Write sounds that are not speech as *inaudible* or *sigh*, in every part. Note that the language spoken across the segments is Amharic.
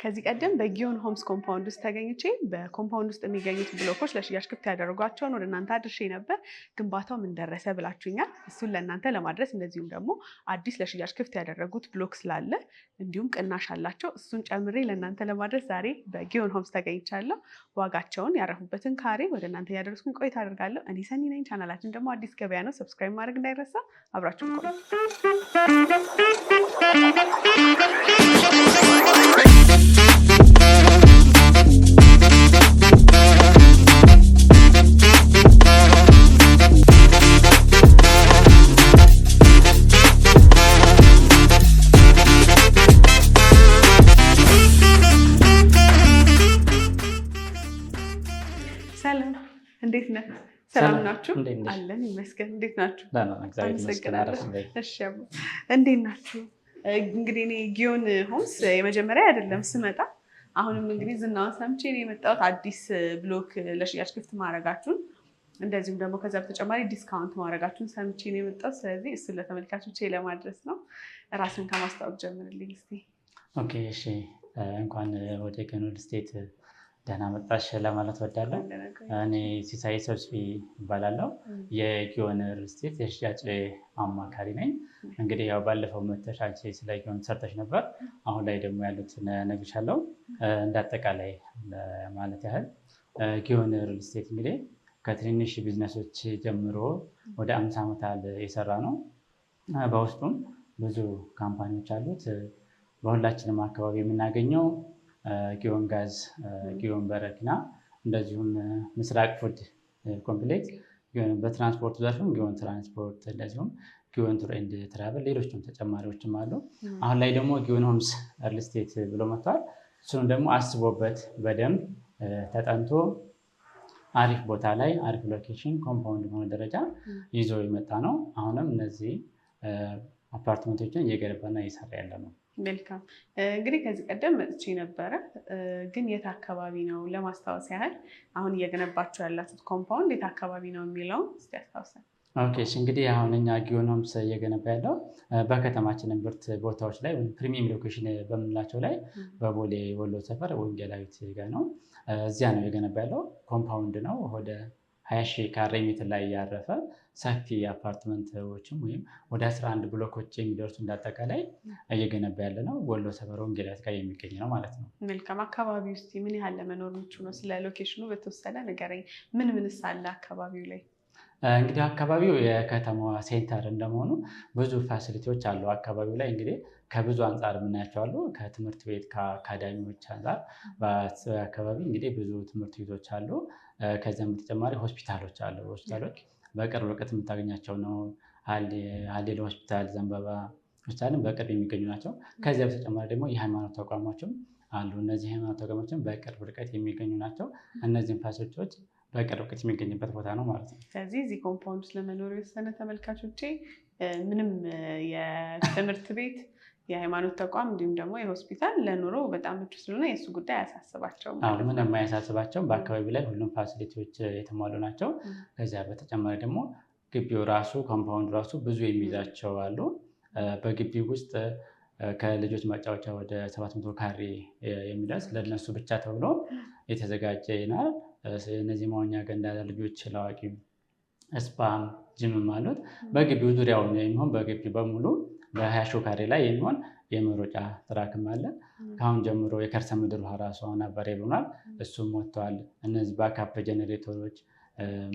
ከዚህ ቀደም በጊዮን ሆምስ ኮምፓውንድ ውስጥ ተገኝቼ በኮምፓውንድ ውስጥ የሚገኙት ብሎኮች ለሽያጭ ክፍት ያደረጓቸውን ወደ እናንተ አድርሼ ነበር። ግንባታው ምን ደረሰ ብላችሁኛል። እሱን ለእናንተ ለማድረስ እንደዚሁም ደግሞ አዲስ ለሽያጭ ክፍት ያደረጉት ብሎክ ስላለ እንዲሁም ቅናሽ አላቸው እሱን ጨምሬ ለእናንተ ለማድረስ ዛሬ በጊዮን ሆምስ ተገኝቻለሁ። ዋጋቸውን ያረፉበትን ካሬ ወደ እናንተ እያደረስኩኝ ቆይታ አደርጋለሁ። እኔ ሰኒ ነኝ። ቻናላችን ደግሞ አዲስ ገበያ ነው። ሰብስክራይብ ማድረግ እንዳይረሳ። አብራችሁን ቆዩ። ሰላም ናችሁ? አለን ይመስገን። እንዴት ናችሁ? እንዴት ናችሁ? እንግዲህ እኔ ጊዮን ሆምስ የመጀመሪያ አይደለም ስመጣ አሁንም እንግዲህ ዝናውን ሰምቼ ነው የመጣሁት። አዲስ ብሎክ ለሽያጭ ክፍት ማድረጋችሁን እንደዚሁም ደግሞ በተጨማሪ ዲስካውንት ማድረጋችሁን ሰምቼ ነው የመጣሁት። ስለዚህ እሱን ለማድረስ ነው። ራስን ከማስታወቅ ጀምርልኝ እስኪ። ኦኬ እሺ። እንኳን ወደ ገኖል ስቴት ደህና መጣሽ ለማለት ወዳለሁ። እኔ ሲሳይ ሰብስቢ ይባላለው የጊዮን ሪልስቴት የሽያጭ አማካሪ ነኝ። እንግዲህ ያው ባለፈው መተሽ አንቺ ስለ ጊዮን ሰርተሽ ነበር። አሁን ላይ ደግሞ ያሉትን እነግርሻለሁ። እንዳጠቃላይ ማለት ያህል ጊዮን ሪልስቴት እንግዲህ ከትንንሽ ቢዝነሶች ጀምሮ ወደ አምስት ዓመት የሰራ ነው። በውስጡም ብዙ ካምፓኒዎች አሉት። በሁላችንም አካባቢ የምናገኘው ጊዮን ጋዝ፣ ጊዮን በረኪና እንደዚሁም ምስራቅ ፉድ ኮምፕሌክስ በትራንስፖርት ዘርፍም ጊዮን ትራንስፖርት እንደዚሁም ጊዮን ቱር ኤንድ ትራቨል ሌሎችም ተጨማሪዎችም አሉ። አሁን ላይ ደግሞ ጊዮን ሆምስ ርልስቴት ስቴት ብሎ መጥቷል። እሱም ደግሞ አስቦበት በደንብ ተጠንቶ አሪፍ ቦታ ላይ አሪፍ ሎኬሽን ኮምፓውንድ በሆነ ደረጃ ይዞ የመጣ ነው። አሁንም እነዚህ አፓርትመንቶችን እየገነባና እየሰራ ያለ ነው። መልካም እንግዲህ ከዚህ ቀደም መጥቼ ነበረ፣ ግን የት አካባቢ ነው ለማስታወስ ያህል አሁን እየገነባችሁ ያላችሁት ኮምፓውንድ የት አካባቢ ነው የሚለውን እስኪ አስታውሰን። ኦኬ እንግዲህ አሁን እኛ ጊዮኖምስ እየገነባ ያለው በከተማችን ምርት ቦታዎች ላይ ወይም ፕሪሚየም ሎኬሽን በምንላቸው ላይ በቦሌ ወሎ ሰፈር ወንጌላዊት ጋ ነው። እዚያ ነው የገነባ ያለው። ኮምፓውንድ ነው ወደ ሀያ ሺህ ካሬ ሜትር ላይ ያረፈ ሰፊ አፓርትመንቶችም ወይም ወደ 11 ብሎኮች የሚደርሱ እንዳጠቃላይ እየገነባ ያለ ነው። ወሎ ሰፈር ወንጌላት ጋር የሚገኝ ነው ማለት ነው። መልካም። አካባቢ ውስጥ ምን ያህል ለመኖር ምቹ ነው? ስለ ሎኬሽኑ በተወሰነ ንገረኝ። ምን ምንስ አለ አካባቢው ላይ? እንግዲህ አካባቢው የከተማዋ ሴንተር እንደመሆኑ ብዙ ፋሲሊቲዎች አሉ። አካባቢው ላይ እንግዲህ ከብዙ አንጻር የምናያቸው አሉ። ከትምህርት ቤት ከአካዳሚዎች አንጻር በአካባቢ እንግዲህ ብዙ ትምህርት ቤቶች አሉ። ከዚያም በተጨማሪ ሆስፒታሎች አሉ። ሆስፒታሎች በቅርብ ርቀት የምታገኛቸው ነው። አሌለ ሆስፒታል፣ ዘንበባ ሆስፒታልም በቅርብ የሚገኙ ናቸው። ከዚያ በተጨማሪ ደግሞ የሃይማኖት ተቋሞችም አሉ። እነዚህ የሃይማኖት ተቋሞችም በቅርብ ርቀት የሚገኙ ናቸው። እነዚህም ፋሲሊቲዎች በቅርብ ርቀት የሚገኝበት ቦታ ነው ማለት ነው። ስለዚህ እዚህ ኮምፓውንድ ውስጥ ለመኖር የወሰነ ተመልካቾቼ ምንም የትምህርት ቤት የሃይማኖት ተቋም እንዲሁም ደግሞ የሆስፒታል ለኑሮ በጣም ምቹ ስለሆነ የእሱ ጉዳይ አያሳስባቸውም። ምን የማያሳስባቸው በአካባቢ ላይ ሁሉም ፋሲሊቲዎች የተሟሉ ናቸው። ከዚያ በተጨማሪ ደግሞ ግቢው ራሱ ኮምፓውንድ ራሱ ብዙ የሚይዛቸው አሉ። በግቢ ውስጥ ከልጆች መጫወቻ ወደ ሰባት መቶ ካሬ የሚደርስ ለነሱ ብቻ ተብሎ የተዘጋጀ ይናል። እነዚህ መዋኛ ገንዳ ልጆች ለዋቂ ስፓም ጅምም አሉት። በግቢው ዙሪያውን የሚሆን በግቢ በሙሉ በሀያ ካሬ ላይ የሚሆን የመሮጫ ትራክም አለ። ከአሁን ጀምሮ የከርሰ ምድር ውሃ ራሱ አሁን አቫይላብል ሆኗል። እሱም ወጥተዋል። እነዚህ ባካፕ ጀኔሬተሮች፣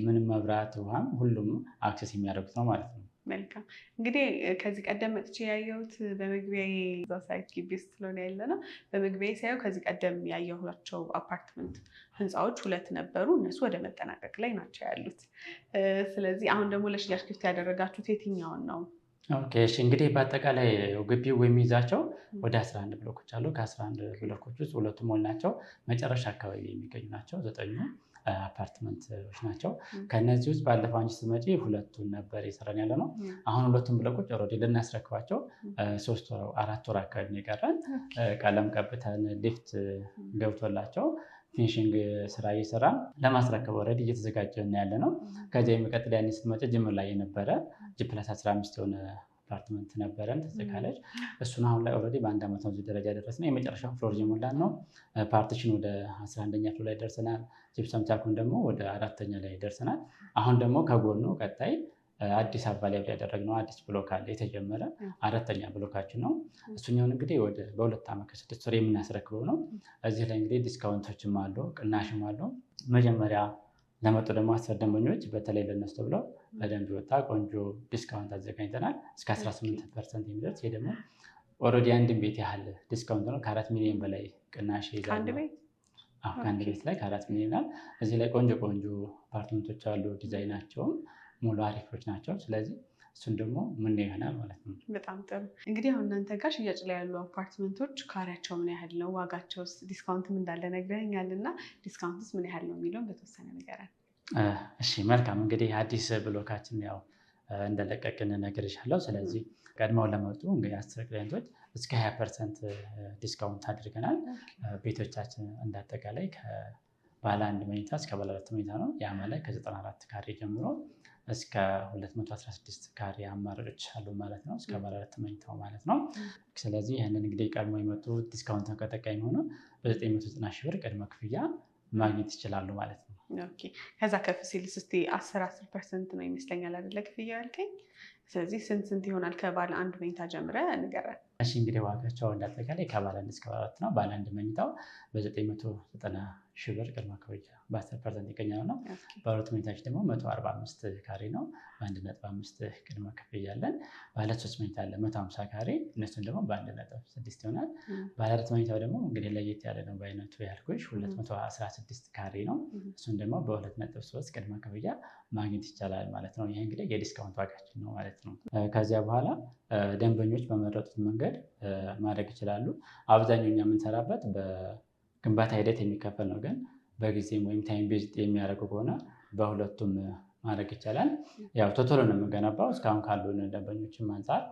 ምንም መብራት ውሃም ሁሉም አክሴስ የሚያደርጉት ነው ማለት ነው። መልካም እንግዲህ ከዚህ ቀደም መጥቼ ያየሁት በመግቢያ እዛ ሳይት ግቢ ውስጥ ስለሆነ ያለ ነው። በመግቢያ ሳየው ከዚህ ቀደም ያየኋቸው አፓርትመንት ህንፃዎች ሁለት ነበሩ። እነሱ ወደ መጠናቀቅ ላይ ናቸው ያሉት። ስለዚህ አሁን ደግሞ ለሽያጭ ክፍት ያደረጋችሁት የትኛውን ነው? ኦኬ እሺ እንግዲህ በአጠቃላይ ግቢው የሚይዛቸው ወደ 11 ብሎኮች አሉ። ከ11 ብሎኮች ውስጥ ሁለቱ ሞል ናቸው፣ መጨረሻ አካባቢ የሚገኙ ናቸው። ዘጠኙ አፓርትመንቶች ናቸው። ከእነዚህ ውስጥ ባለፈው አንቺ ስትመጪ ሁለቱን ነበር የሰራን ያለ ነው። አሁን ሁለቱን ብሎኮች ኦልሬዲ ልናስረክባቸው ሶስት አራት ወር አካባቢ የቀረን ቀለም ቀብተን ሊፍት ገብቶላቸው ፊኒሽንግ ስራ እየሰራ ለማስረከብ ወረድ እየተዘጋጀ ያለ ነው። ከዚያ የሚቀጥል ያኔ ስትመጪ ጅምር ላይ የነበረ ጅፕላስ 15 የሆነ አፓርትመንት ነበረን ተዘጋለች። እሱን አሁን ላይ ኦልሬዲ በአንድ ዓመት ነው ደረጃ ደረስ ነው። የመጨረሻው ፍሎር ሞላን ነው። ፓርቲሽን ወደ 11ኛ ፍሎ ላይ ደርሰናል። ጂፕሰም ቻኩን ደግሞ ወደ አራተኛ ላይ ደርሰናል። አሁን ደግሞ ከጎኑ ቀጣይ አዲስ አበባ ላይ ያደረግነው አዲስ ብሎክ አለ የተጀመረ አራተኛ ብሎካችን ነው። እሱኛውን እንግዲህ ወደ በሁለት ዓመት ከስድስት ወር የምናስረክበው ነው። እዚህ ላይ እንግዲህ ዲስካውንቶችም አሉ፣ ቅናሽም አሉ። መጀመሪያ ለመጡ ደግሞ አስር ደንበኞች በተለይ ለነሱ ተብለው በደንብ ወጣ ቆንጆ ዲስካውንት አዘጋጅተናል እስከ 18 ፐርሰንት የሚደርስ ይሄ ደግሞ ኦልሬዲ አንድን ቤት ያህል ዲስካውንት ነው። ከአራት ሚሊዮን በላይ ቅናሽ ይዛል ከአንድ ቤት ላይ ከአራት ሚሊዮን ይላል። እዚህ ላይ ቆንጆ ቆንጆ አፓርትመንቶች አሉ ዲዛይናቸውም ሙሉ አሪፎች ናቸው። ስለዚህ እሱን ደግሞ ምን ይሆናል ማለት ነው። በጣም ጥሩ እንግዲህ አሁን እናንተ ጋር ሽያጭ ላይ ያሉ አፓርትመንቶች ካሬያቸው ምን ያህል ነው? ዋጋቸው ዲስካውንትም እንዳለ ነግረኛል እና ዲስካውንትስ ምን ያህል ነው የሚለውን በተወሰነ ንገረን። እሺ መልካም እንግዲህ አዲስ ብሎካችን ያው እንደለቀቅን እነግርሻለሁ። ስለዚህ ቀድመው ለመጡ እንግዲህ አስር ክሊንቶች እስከ ሀያ ፐርሰንት ዲስካውንት አድርገናል። ቤቶቻችን እንዳጠቃላይ ከባለ አንድ መኝታ እስከ ባለ ሁለት መኝታ ነው። ያ ማለት ከዘጠና አራት ካሬ ጀምሮ እስከ 216 ካሪ አማራጮች አሉ ማለት ነው። እስከ ባለአራት መኝታው ማለት ነው። ስለዚህ ይህንን እንግዲህ ቀድሞ የመጡ ዲስካውንት ተጠቃሚ ሆኖ በ990 ሺህ ብር ቅድመ ክፍያ ማግኘት ይችላሉ ማለት ነው። ከዛ ከፍ ሲል እስኪ 10 ፐርሰንት ነው ይመስለኛል አይደለ ክፍያ ያልከኝ። ስለዚህ ስንት ስንት ይሆናል? ከባለ አንድ መኝታ ጀምረ ንገረ። እሺ እንግዲህ ዋጋቸው እንዳጠቃላይ ከባለ አንድ እስከ ባለ አራት ነው። ባለ አንድ መኝታው በ990 ሺህ ብር ቅድመ ክፍያ በአስር ፐርሰንት ይገኛል ነው። በሁለት መኝታዎች ደግሞ መቶ አርባ አምስት ካሬ ነው በአንድ ነጥብ አምስት ቅድመ ክፍያ አለን። ባለ ሶስት መኝታ አለ መቶ ሀምሳ ካሬ እነሱን ደግሞ በአንድ ነጥብ ስድስት ይሆናል። ባለ አራት መኝታው ደግሞ እንግዲህ ለየት ያለ ነው በአይነቱ ያልኩሽ ሁለት መቶ አስራ ስድስት ካሬ ነው። እሱን ደግሞ በሁለት ነጥብ ሶስት ቅድመ ክፍያ ማግኘት ይቻላል ማለት ነው። ይህ እንግዲህ የዲስካውንት ዋጋችን ነው ማለት ነው። ከዚያ በኋላ ደንበኞች በመረጡት መንገድ ማድረግ ይችላሉ። አብዛኛው የምንሰራበት ግንባታ ሂደት የሚከፈል ነው። ግን በጊዜም ወይም ታይም ቤዝ የሚያደርጉ ከሆነ በሁለቱም ማድረግ ይቻላል። ያው ቶቶሎ ነው የምንገነባው። እስካሁን ካሉ ደንበኞችም አንጻር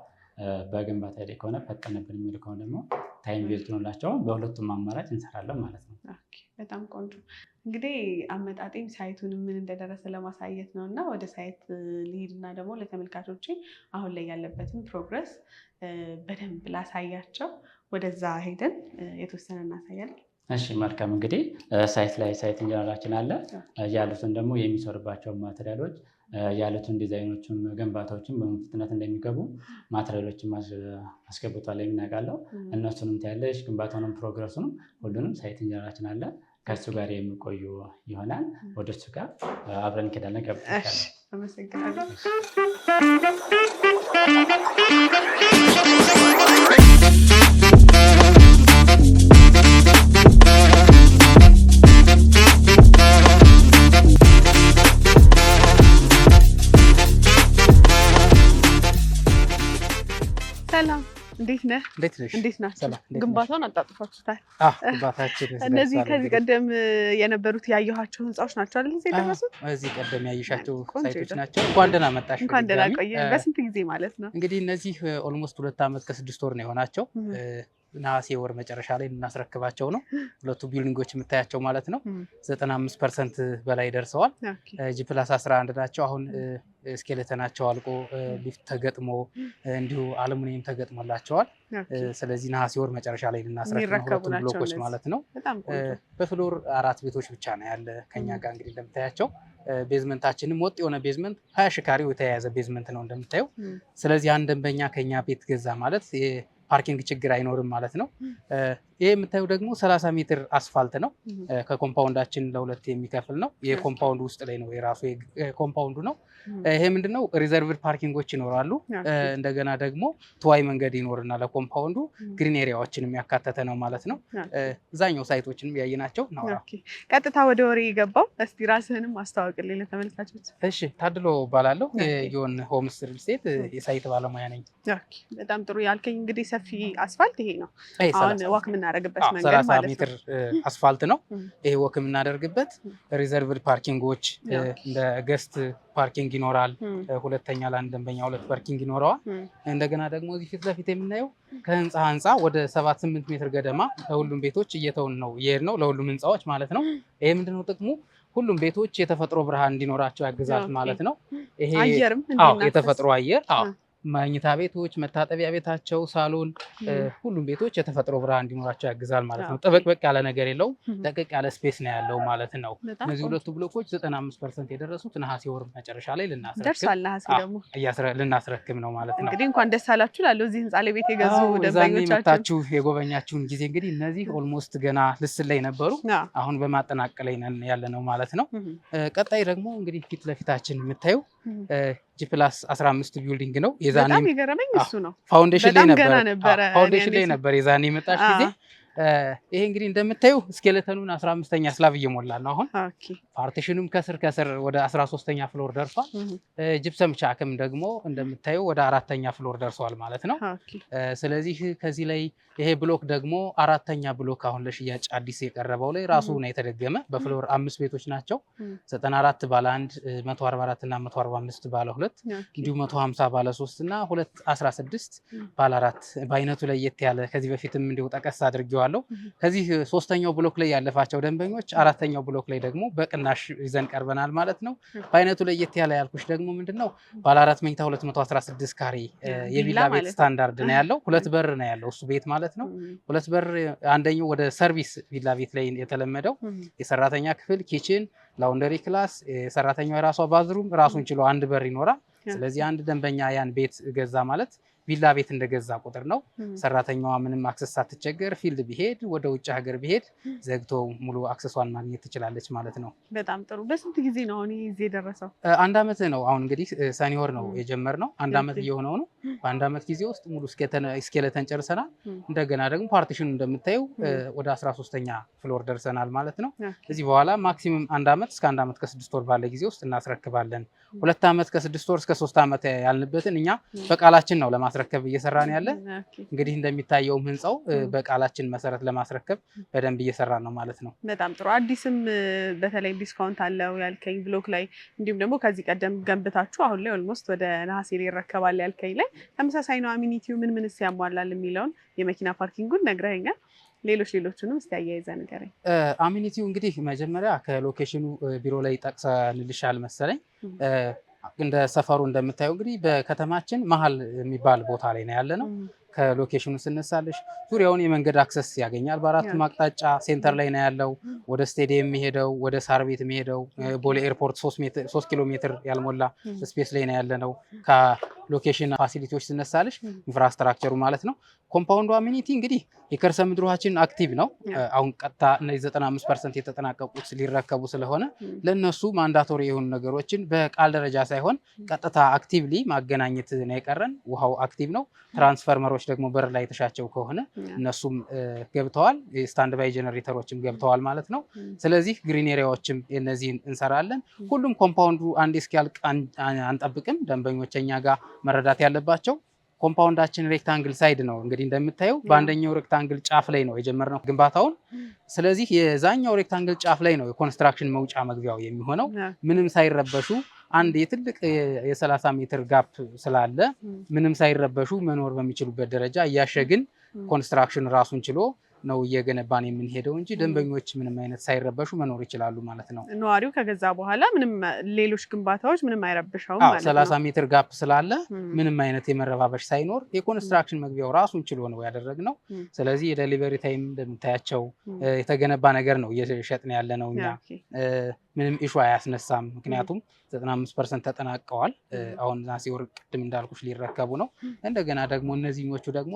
በግንባታ ሂደት ከሆነ ፈጠነብን የሚል ከሆነ ደግሞ ታይም ቤዝድ ሆንላቸው በሁለቱም አማራጭ እንሰራለን ማለት ነው። በጣም ቆንጆ እንግዲህ አመጣጤም ሳይቱን ምን እንደደረሰ ለማሳየት ነው እና ወደ ሳይት ልሂድና ደግሞ ለተመልካቾች አሁን ላይ ያለበትን ፕሮግረስ በደንብ ላሳያቸው። ወደዛ ሄደን የተወሰነ እናሳያለን። እሺ መልካም እንግዲህ ሳይት ላይ ሳይት ኢንጂነራችን አለ ያሉትን ደግሞ የሚሰሩባቸውን ማቴሪያሎች ያሉትን ዲዛይኖችን ግንባታዎችን በፍጥነት እንደሚገቡ ማቴሪያሎችን አስገብቷል የሚናቃለው እነሱንም ታያለሽ ግንባታውንም ፕሮግረሱንም ሁሉንም ሳይት ኢንጂነራችን አለ ከእሱ ጋር የሚቆዩ ይሆናል ወደ እሱ ጋር አብረን እንሄዳለን ገብተሻል አመሰግናለሁ እንዴት ነህ? እንዴት ግንባታውን አጣጥፋችሁታል። *laughs* እነዚህ ከዚህ ቀደም የነበሩት ያየኋቸው ህንፃዎች ናቸው አይደል? እዚህ የደረሱት እዚህ ቀደም ያየሻቸው ሳይቶች ናቸው። እንኳን ደህና መጣሽ። እንኳን ደህና በስንት ጊዜ ማለት ነው? እንግዲህ እነዚህ ኦልሞስት ሁለት ዓመት ከስድስት ወር ነው የሆናቸው ነሐሴ ወር መጨረሻ ላይ እናስረክባቸው ነው። ሁለቱ ቢልዲንጎች የምታያቸው ማለት ነው። ዘጠና አምስት ፐርሰንት በላይ ደርሰዋል። ጂፕላስ አስራ አንድ ናቸው አሁን ስኬሌተናቸው አልቆ ሊፍት ተገጥሞ እንዲሁ አልሙኒየም ተገጥሞላቸዋል። ስለዚህ ነሐሴ ወር መጨረሻ ላይ ልናስረክብ ሁለቱን ብሎኮች ማለት ነው። በፍሎር አራት ቤቶች ብቻ ነው ያለ ከኛ ጋር እንግዲህ እንደምታያቸው ቤዝመንታችንም ወጥ የሆነ ቤዝመንት ሀያ ሽካሪው የተያያዘ ቤዝመንት ነው እንደምታየው። ስለዚህ አንድ ደንበኛ ከኛ ቤት ገዛ ማለት የፓርኪንግ ችግር አይኖርም ማለት ነው። ይሄ የምታዩ ደግሞ ሰላሳ ሜትር አስፋልት ነው። ከኮምፓውንዳችን ለሁለት የሚከፍል ነው። ይሄ ኮምፓውንድ ውስጥ ላይ ነው የራሱ ኮምፓውንዱ ነው። ይሄ ምንድነው ሪዘርቭድ ፓርኪንጎች ይኖራሉ። እንደገና ደግሞ ትዋይ መንገድ ይኖርና ለኮምፓውንዱ ግሪን ኤሪያዎችን የሚያካተተ ነው ማለት ነው። እዛኛው ሳይቶችንም ያየ ናቸው። ቀጥታ ወደ ወሬ የገባው እስቲ ራስህንም አስተዋውቅልኝ ለተመልካቾች። እሺ ታድሎ እባላለሁ። የጊዮን ሆምስ ሪል ስቴት የሳይት ባለሙያ ነኝ። በጣም ጥሩ ያልከኝ እንግዲህ ሰፊ አስፋልት ይሄ ነው አሁን ዋክ የምናደርግበት መንገድ ማለት ነው። ሜትር አስፋልት ነው ይሄ ወክ የምናደርግበት። ሪዘርቭድ ፓርኪንጎች እንደ ገስት ፓርኪንግ ይኖራል። ሁለተኛ ለአንድ ደንበኛ ሁለት ፓርኪንግ ይኖረዋል። እንደገና ደግሞ እዚህ ፊት ለፊት የምናየው ከህንፃ ህንፃ ወደ ሰባት ስምንት ሜትር ገደማ ለሁሉም ቤቶች እየተውን ነው እየሄድ ነው ለሁሉም ህንፃዎች ማለት ነው። ይሄ ምንድነው ጥቅሙ? ሁሉም ቤቶች የተፈጥሮ ብርሃን እንዲኖራቸው ያግዛል ማለት ነው። ይሄ የተፈጥሮ አየር መኝታ ቤቶች፣ መታጠቢያ ቤታቸው፣ ሳሎን፣ ሁሉም ቤቶች የተፈጥሮ ብርሃን እንዲኖራቸው ያግዛል ማለት ነው። ጥብቅብቅ ያለ ነገር የለውም። ጠቅቅ ያለ ስፔስ ነው ያለው ማለት ነው። እነዚህ ሁለቱ ብሎኮች ዘጠና አምስት ፐርሰንት የደረሱት ነሐሴ ወር መጨረሻ ላይ ልናስረክም ነው ማለት ነው። እንግዲህ እንኳን ደስ አላችሁ ላለው እዚህ ህንፃ ላይ ቤት የገዙ ደንበኞቻችሁ የጎበኛችሁን ጊዜ እንግዲህ እነዚህ ኦልሞስት ገና ልስ ላይ ነበሩ። አሁን በማጠናቀቅ ላይ ያለ ነው ማለት ነው። ቀጣይ ደግሞ እንግዲህ ፊት ለፊታችን የምታዩ ጂፕላስ 15 ቢልዲንግ ነው። የዛኔ በጣም የገረመኝ እሱ ነው። ፋውንዴሽን ላይ ነበር ፋውንዴሽን ላይ ነበር የዛኔ የመጣሽ ጊዜ። ይሄ እንግዲህ እንደምታዩ እስኬለተኑን 15ኛ ስላብ እየሞላ ነው አሁን። ኦኬ ፓርቲሽኑም ከስር ከስር ወደ 13ተኛ ፍሎር ደርሷል። ጅብሰም ቻክም ደግሞ እንደምታየው ወደ አራተኛ ፍሎር ደርሷል ማለት ነው። ስለዚህ ከዚህ ላይ ይሄ ብሎክ ደግሞ አራተኛ ብሎክ አሁን ለሽያጭ አዲስ የቀረበው ላይ ራሱ ነው የተደገመ። በፍሎር አምስት ቤቶች ናቸው። 94 ባለ 1፣ 144 እና 145 ባለ 2 እንዲሁም 150 ባለ 3 እና 216 ባለ 4 በአይነቱ ለየት ያለ ከዚህ በፊትም እንዲሁ ጠቀስ አድርጌዋለሁ። ከዚህ ሶስተኛው ብሎክ ላይ ያለፋቸው ደንበኞች አራተኛው ብሎክ ላይ ደግሞ በቅና እናሽ ይዘን ቀርበናል ማለት ነው። በአይነቱ ለየት ያለ ያልኩሽ ደግሞ ምንድነው ባለ አራት መኝታ 216 ካሬ የቪላ ቤት ስታንዳርድ ነው ያለው። ሁለት በር ነው ያለው እሱ ቤት ማለት ነው። ሁለት በር አንደኛው ወደ ሰርቪስ ቪላ ቤት ላይ የተለመደው የሰራተኛ ክፍል፣ ኪችን፣ ላውንደሪ ክላስ፣ የሰራተኛው የራሷ ባዝሩም ራሱን ችሎ አንድ በር ይኖራል። ስለዚህ አንድ ደንበኛ ያን ቤት ገዛ ማለት ቪላ ቤት እንደገዛ ቁጥር ነው። ሰራተኛዋ ምንም አክሰስ ሳትቸገር ፊልድ ቢሄድ ወደ ውጭ ሀገር ቢሄድ ዘግቶ ሙሉ አክሰሷን ማግኘት ትችላለች ማለት ነው። በጣም ጥሩ። በስንት ጊዜ ነው አሁን ይዜ የደረሰው? አንድ አመት ነው። አሁን እንግዲህ ሰኒወር ነው የጀመርነው። አንድ አመት እየሆነው ነው። በአንድ አመት ጊዜ ውስጥ ሙሉ እስኬለተን ጨርሰናል። እንደገና ደግሞ ፓርቲሽኑ እንደምታየው ወደ አስራ ሶስተኛ ፍሎር ደርሰናል ማለት ነው። እዚህ በኋላ ማክሲመም አንድ አመት እስከ አንድ አመት ከስድስት ወር ባለ ጊዜ ውስጥ እናስረክባለን። ሁለት አመት ከስድስት ወር እስከ ሶስት አመት ያልንበትን እኛ በቃላችን ነው ለማ ለማስረከብ እየሰራን ያለ እንግዲህ እንደሚታየውም ህንፃው በቃላችን መሰረት ለማስረከብ በደንብ እየሰራን ነው ማለት ነው። በጣም ጥሩ። አዲስም በተለይ ዲስካውንት አለው ያልከኝ ብሎክ ላይ እንዲሁም ደግሞ ከዚህ ቀደም ገንብታችሁ አሁን ላይ ኦልሞስት ወደ ነሐሴ ላይ ይረከባል ያልከኝ ላይ ተመሳሳይ ነው። አሚኒቲው ምን ምንስ ያሟላል የሚለውን የመኪና ፓርኪንጉን ነግረኸኛል። ሌሎች ሌሎቹንም እስቲ አያይዘ ነገር አሚኒቲው እንግዲህ መጀመሪያ ከሎኬሽኑ ቢሮ ላይ ጠቅሰንልሻል መሰለኝ እንደ ሰፈሩ እንደምታየው እንግዲህ በከተማችን መሀል የሚባል ቦታ ላይ ነው ያለ ነው። ከሎኬሽኑ ስነሳለሽ ዙሪያውን የመንገድ አክሰስ ያገኛል። በአራቱ ማቅጣጫ ሴንተር ላይ ነው ያለው። ወደ ስቴዲየም የሚሄደው፣ ወደ ሳር ቤት የሚሄደው፣ ቦሌ ኤርፖርት ሶስት ኪሎ ሜትር ያልሞላ ስፔስ ላይ ነው ያለ ነው። ሎኬሽን ፋሲሊቲዎች ስነሳለች ኢንፍራስትራክቸሩ ማለት ነው። ኮምፓውንዱ አሚኒቲ እንግዲህ የከርሰ ምድሯችን አክቲቭ ነው። አሁን ቀጥታ እነዚህ 95 ፐርሰንት የተጠናቀቁት ሊረከቡ ስለሆነ ለእነሱ ማንዳቶሪ የሆኑ ነገሮችን በቃል ደረጃ ሳይሆን ቀጥታ አክቲቭሊ ማገናኘት ነው የቀረን። ውሃው አክቲቭ ነው። ትራንስፈርመሮች ደግሞ በር ላይ የተሻቸው ከሆነ እነሱም ገብተዋል። ስታንድ ባይ ጀነሬተሮችም ገብተዋል ማለት ነው። ስለዚህ ግሪን ኤሪያዎችም እነዚህን እንሰራለን። ሁሉም ኮምፓውንዱ አንድ እስኪያልቅ አንጠብቅም። ደንበኞች እኛ ጋር መረዳት ያለባቸው ኮምፓውንዳችን ሬክታንግል ሳይድ ነው። እንግዲህ እንደምታየው በአንደኛው ሬክታንግል ጫፍ ላይ ነው የጀመርነው ግንባታውን። ስለዚህ የዛኛው ሬክታንግል ጫፍ ላይ ነው የኮንስትራክሽን መውጫ መግቢያው የሚሆነው ምንም ሳይረበሹ አንድ የትልቅ የ30 ሜትር ጋፕ ስላለ ምንም ሳይረበሹ መኖር በሚችሉበት ደረጃ እያሸግን ኮንስትራክሽን ራሱን ችሎ ነው እየገነባን የምንሄደው እንጂ ደንበኞች ምንም አይነት ሳይረበሹ መኖር ይችላሉ ማለት ነው። ነዋሪው ከገዛ በኋላ ምንም ሌሎች ግንባታዎች ምንም አይረብሸውም ማለት ነው። ሰላሳ ሜትር ጋፕ ስላለ ምንም አይነት የመረባበሽ ሳይኖር የኮንስትራክሽን መግቢያው ራሱን ችሎ ነው ያደረግነው። ስለዚህ የደሊቨሪ ታይም እንደምታያቸው የተገነባ ነገር ነው እየሸጥን ያለ ነው እኛ ምንም ኢሹ አያስነሳም። ምክንያቱም 95 ፐርሰንት ተጠናቀዋል። አሁን ነሐሴ ወር ቅድም እንዳልኩሽ ሊረከቡ ነው። እንደገና ደግሞ እነዚህኞቹ ደግሞ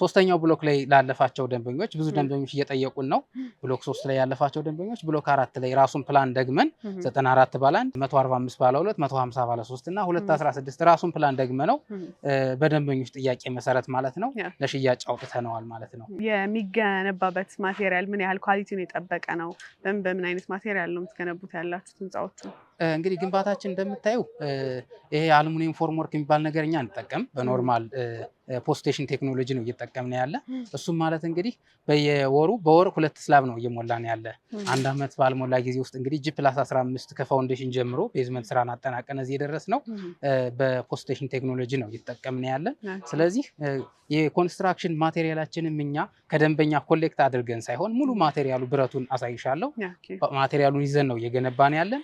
ሶስተኛው ብሎክ ላይ ላለፋቸው ደንበኞች ብዙ ደንበኞች እየጠየቁን ነው። ብሎክ ሶስት ላይ ያለፋቸው ደንበኞች ብሎክ አራት ላይ ራሱን ፕላን ደግመን 94 ባለ 1፣ 145 ባለ 2፣ 150 ባለ 3 እና 216 ራሱን ፕላን ደግመ ነው በደንበኞች ጥያቄ መሰረት ማለት ነው ለሽያጭ አውጥተነዋል ማለት ነው። የሚገነባበት ማቴሪያል ምን ያህል ኳሊቲውን የጠበቀ ነው? በምን በምን አይነት ማቴሪያል ነው የምትገነቡት? ያላችሁት ህንፃዎቹ እንግዲህ ግንባታችን እንደምታየው ይሄ አልሙኒየም ፎርምወርክ የሚባል ነገር እኛ እንጠቀም በኖርማል ፖስቴሽን ቴክኖሎጂ ነው እየጠቀምን ያለ። እሱም ማለት እንግዲህ በየወሩ በወር ሁለት ስላብ ነው እየሞላን ያለ። አንድ አመት ባልሞላ ጊዜ ውስጥ እንግዲህ ጂ ፕላስ 15 ከፋውንዴሽን ጀምሮ ቤዝመንት ስራን አጠናቀን እዚህ የደረስ ነው በፖስቴሽን ቴክኖሎጂ ነው እየተጠቀምን ያለ። ስለዚህ የኮንስትራክሽን ማቴሪያላችንም እኛ ከደንበኛ ኮሌክት አድርገን ሳይሆን ሙሉ ማቴሪያሉ ብረቱን አሳይሻለሁ፣ ማቴሪያሉን ይዘን ነው እየገነባን ያለን።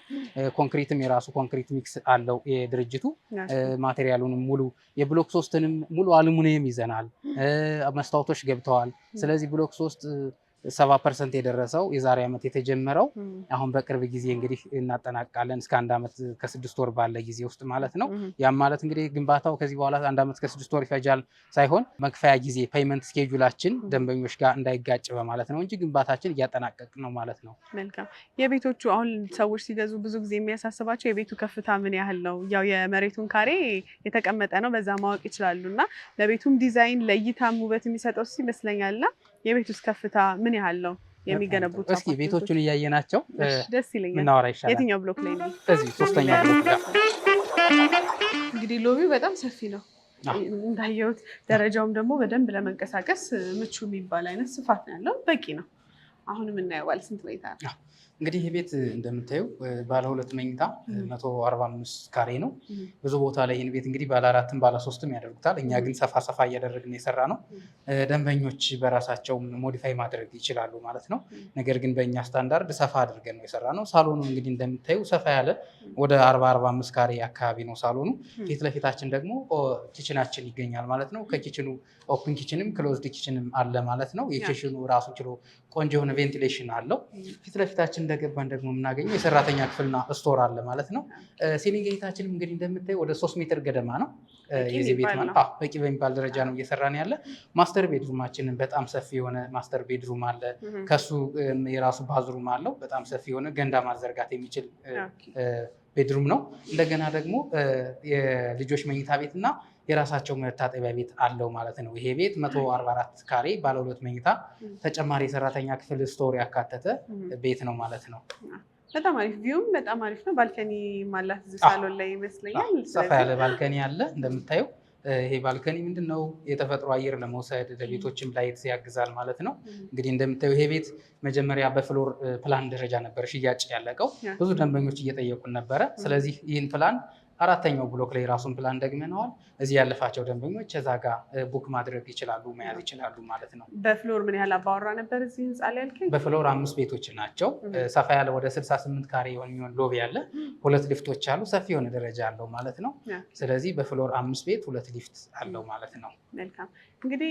ኮንክሪትም የራሱ ኮንክሪት ሚክስ አለው የድርጅቱ። ማቴሪያሉንም ሙሉ የብሎክ ሶስትንም ሙሉ አልሙኒየም ይዘናል። መስታወቶች ገብተዋል። ስለዚህ ብሎክ ሶስት ሰባ ፐርሰንት የደረሰው የዛሬ ዓመት የተጀመረው አሁን በቅርብ ጊዜ እንግዲህ እናጠናቃለን እስከ አንድ ዓመት ከስድስት ወር ባለ ጊዜ ውስጥ ማለት ነው። ያም ማለት እንግዲህ ግንባታው ከዚህ በኋላ አንድ ዓመት ከስድስት ወር ይፈጃል ሳይሆን መክፈያ ጊዜ ፔይመንት ስኬጁላችን ደንበኞች ጋር እንዳይጋጭ በማለት ነው እንጂ ግንባታችን እያጠናቀቅ ነው ማለት ነው። መልካም። የቤቶቹ አሁን ሰዎች ሲገዙ ብዙ ጊዜ የሚያሳስባቸው የቤቱ ከፍታ ምን ያህል ነው? ያው የመሬቱን ካሬ የተቀመጠ ነው፣ በዛ ማወቅ ይችላሉ እና ለቤቱም ዲዛይን ለእይታም ውበት የሚሰጠው ይመስለኛልና የቤት ውስጥ ከፍታ ምን ያህል ነው የሚገነቡት? እስኪ ቤቶቹን እያየናቸው ደስ ይለኛል። ምናወራ ይሻላል። የትኛው ብሎክ ላይ ነው? እዚህ ሶስተኛው ብሎክ ጋር። እንግዲህ ሎቢው በጣም ሰፊ ነው እንዳየሁት፣ ደረጃውም ደግሞ በደንብ ለመንቀሳቀስ ምቹ የሚባል አይነት ስፋት ነው ያለው። በቂ ነው። አሁን የምናየው ባለ ስንት መኝታ ነው? እንግዲህ ይህ ቤት እንደምታዩ ባለ ሁለት መኝታ መቶ አርባ አምስት ካሬ ነው። ብዙ ቦታ ላይ ይህን ቤት እንግዲህ ባለ አራትም ባለ ሶስትም ያደርጉታል። እኛ ግን ሰፋ ሰፋ እያደረግን የሰራ ነው። ደንበኞች በራሳቸው ሞዲፋይ ማድረግ ይችላሉ ማለት ነው። ነገር ግን በእኛ ስታንዳርድ ሰፋ አድርገን ነው የሰራ ነው። ሳሎኑ እንግዲህ እንደምታዩ ሰፋ ያለ ወደ አርባ አርባ አምስት ካሬ አካባቢ ነው ሳሎኑ። ፊት ለፊታችን ደግሞ ኪችናችን ይገኛል ማለት ነው። ከኪችኑ ኦፕን ኪችንም ክሎዝድ ኪችንም አለ ማለት ነው። የኪችኑ ራሱ ችሎ ቆንጆ የሆነ ቬንቲሌሽን አለው። ፊት ለፊታችን እንደገባን ደግሞ የምናገኘው የሰራተኛ ክፍልና ስቶር አለ ማለት ነው። ሴሊንግ እንግዲህ እንደምታየው ወደ ሶስት ሜትር ገደማ ነው የዚህ ቤት በቂ በሚባል ደረጃ ነው እየሰራን ያለ። ማስተር ቤድሩማችንን በጣም ሰፊ የሆነ ማስተር ቤድሩም አለ። ከሱ የራሱ ባዝሩም አለው። በጣም ሰፊ የሆነ ገንዳ ማዘርጋት የሚችል ቤድሩም ነው። እንደገና ደግሞ የልጆች መኝታ ቤት እና የራሳቸው መታጠቢያ ቤት አለው ማለት ነው። ይሄ ቤት 144 ካሬ ባለ ሁለት መኝታ ተጨማሪ የሰራተኛ ክፍል ስቶር ያካተተ ቤት ነው ማለት ነው። በጣም አሪፍ ቪውም በጣም አሪፍ ነው። ባልከኒ ማላት እዚህ ሳሎን ላይ ይመስለኛል። ሰፋ ያለ ባልከኒ አለ እንደምታየው። ይሄ ባልከኒ ምንድን ነው የተፈጥሮ አየር ለመውሰድ ለቤቶችም ላይት ያግዛል ማለት ነው። እንግዲህ እንደምታየው ይሄ ቤት መጀመሪያ በፍሎር ፕላን ደረጃ ነበር ሽያጭ ያለቀው። ብዙ ደንበኞች እየጠየቁን ነበረ። ስለዚህ ይህን ፕላን አራተኛው ብሎክ ላይ ራሱን ፕላን ደግመነዋል። እዚህ ያለፋቸው ደንበኞች እዛ ጋ ቡክ ማድረግ ይችላሉ መያዝ ይችላሉ ማለት ነው። በፍሎር ምን ያህል አባወራ ነበር እዚህ ህንፃ ላይ ያልከኝ? በፍሎር አምስት ቤቶች ናቸው። ሰፋ ያለ ወደ ስልሳ ስምንት ካሬ የሚሆን ሎቢ ያለ ሁለት ሊፍቶች አሉ። ሰፊ የሆነ ደረጃ አለው ማለት ነው። ስለዚህ በፍሎር አምስት ቤት ሁለት ሊፍት አለው ማለት ነው። መልካም እንግዲህ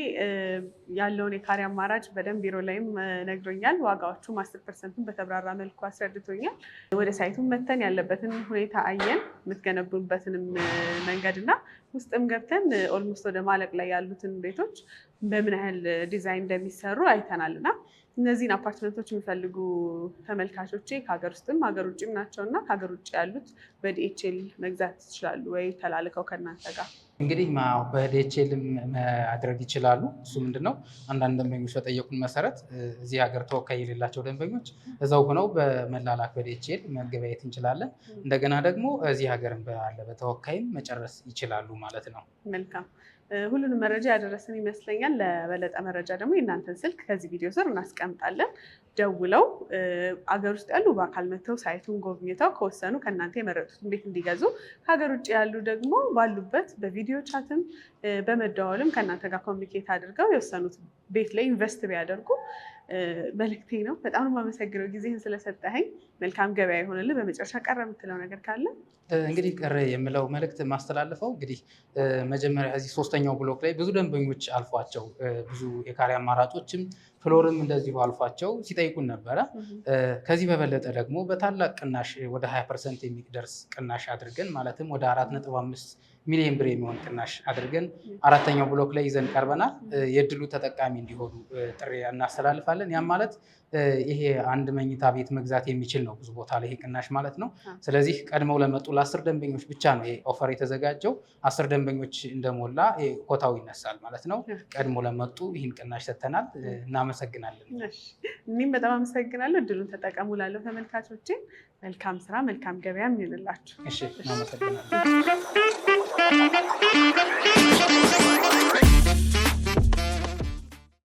ያለውን የካሬ አማራጭ በደንብ ቢሮ ላይም ነግሮኛል። ዋጋዎቹም አስር ፐርሰንቱን በተብራራ መልኩ አስረድቶኛል። ወደ ሳይቱን መተን ያለበትን ሁኔታ አየን፣ የምትገነቡበትንም መንገድ እና ውስጥም ገብተን ኦልሞስት ወደ ማለቅ ላይ ያሉትን ቤቶች በምን ያህል ዲዛይን እንደሚሰሩ አይተናል እና እነዚህን አፓርትመንቶች የሚፈልጉ ተመልካቾቼ ከሀገር ውስጥም ሀገር ውጭም ናቸው እና ከሀገር ውጭ ያሉት በዲኤችኤል መግዛት ይችላሉ ወይ ተላልቀው ከእናንተ ጋር? እንግዲህ በዲኤችኤል ማድረግ ይችላሉ። እሱ ምንድን ነው አንዳንድ ደንበኞች በጠየቁን መሰረት እዚህ ሀገር ተወካይ የሌላቸው ደንበኞች እዛው ሆነው በመላላክ በዲኤችኤል መገበያየት እንችላለን። እንደገና ደግሞ እዚህ ሀገር ባለ በተወካይም መጨረስ ይችላሉ ማለት ነው። መልካም ሁሉንም መረጃ ያደረስን ይመስለኛል። ለበለጠ መረጃ ደግሞ የእናንተን ስልክ ከዚህ ቪዲዮ ስር እናስቀምጣለን። ደውለው አገር ውስጥ ያሉ በአካል መጥተው ሳይቱን ጎብኝተው ከወሰኑ ከእናንተ የመረጡትን ቤት እንዲገዙ፣ ከሀገር ውጭ ያሉ ደግሞ ባሉበት በቪዲዮ ቻትም በመደዋወልም ከእናንተ ጋር ኮሚኒኬት አድርገው የወሰኑት ቤት ላይ ኢንቨስት ቢያደርጉ መልክቴ ነው። በጣም ነው የማመሰግነው ጊዜህን ስለሰጠኸኝ። መልካም ገበያ ይሆንልን። በመጨረሻ ቀረ የምትለው ነገር ካለ እንግዲህ ቅር የምለው መልእክት ማስተላለፈው እንግዲህ መጀመሪያ እዚህ ሶስተኛው ብሎክ ላይ ብዙ ደንበኞች አልፏቸው ብዙ የካሬ አማራጮችም ፍሎርም እንደዚሁ አልፏቸው ሲጠይቁን ነበረ። ከዚህ በበለጠ ደግሞ በታላቅ ቅናሽ ወደ 20 ፐርሰንት የሚደርስ ቅናሽ አድርገን ማለትም ወደ 4.5 ሚሊዮን ብር የሚሆን ቅናሽ አድርገን አራተኛው ብሎክ ላይ ይዘን ቀርበናል። የእድሉ ተጠቃሚ እንዲሆኑ ጥሪ እናስተላልፋለን። ያም ማለት ይሄ አንድ መኝታ ቤት መግዛት የሚችል ነው ብዙ ቦታ ላይ ይሄ ቅናሽ ማለት ነው። ስለዚህ ቀድመው ለመጡ ለአስር ደንበኞች ብቻ ነው ኦፈር የተዘጋጀው። አስር ደንበኞች እንደሞላ ኮታው ይነሳል ማለት ነው። ቀድሞ ለመጡ ይህን ቅናሽ ሰጥተናል። እናመሰግናለን። እኔም በጣም አመሰግናለሁ። እድሉን ተጠቀሙ ላለው ተመልካቾቼ መልካም ስራ፣ መልካም ገበያ የሚሆንላችሁ። እሺ፣ እናመሰግናለን።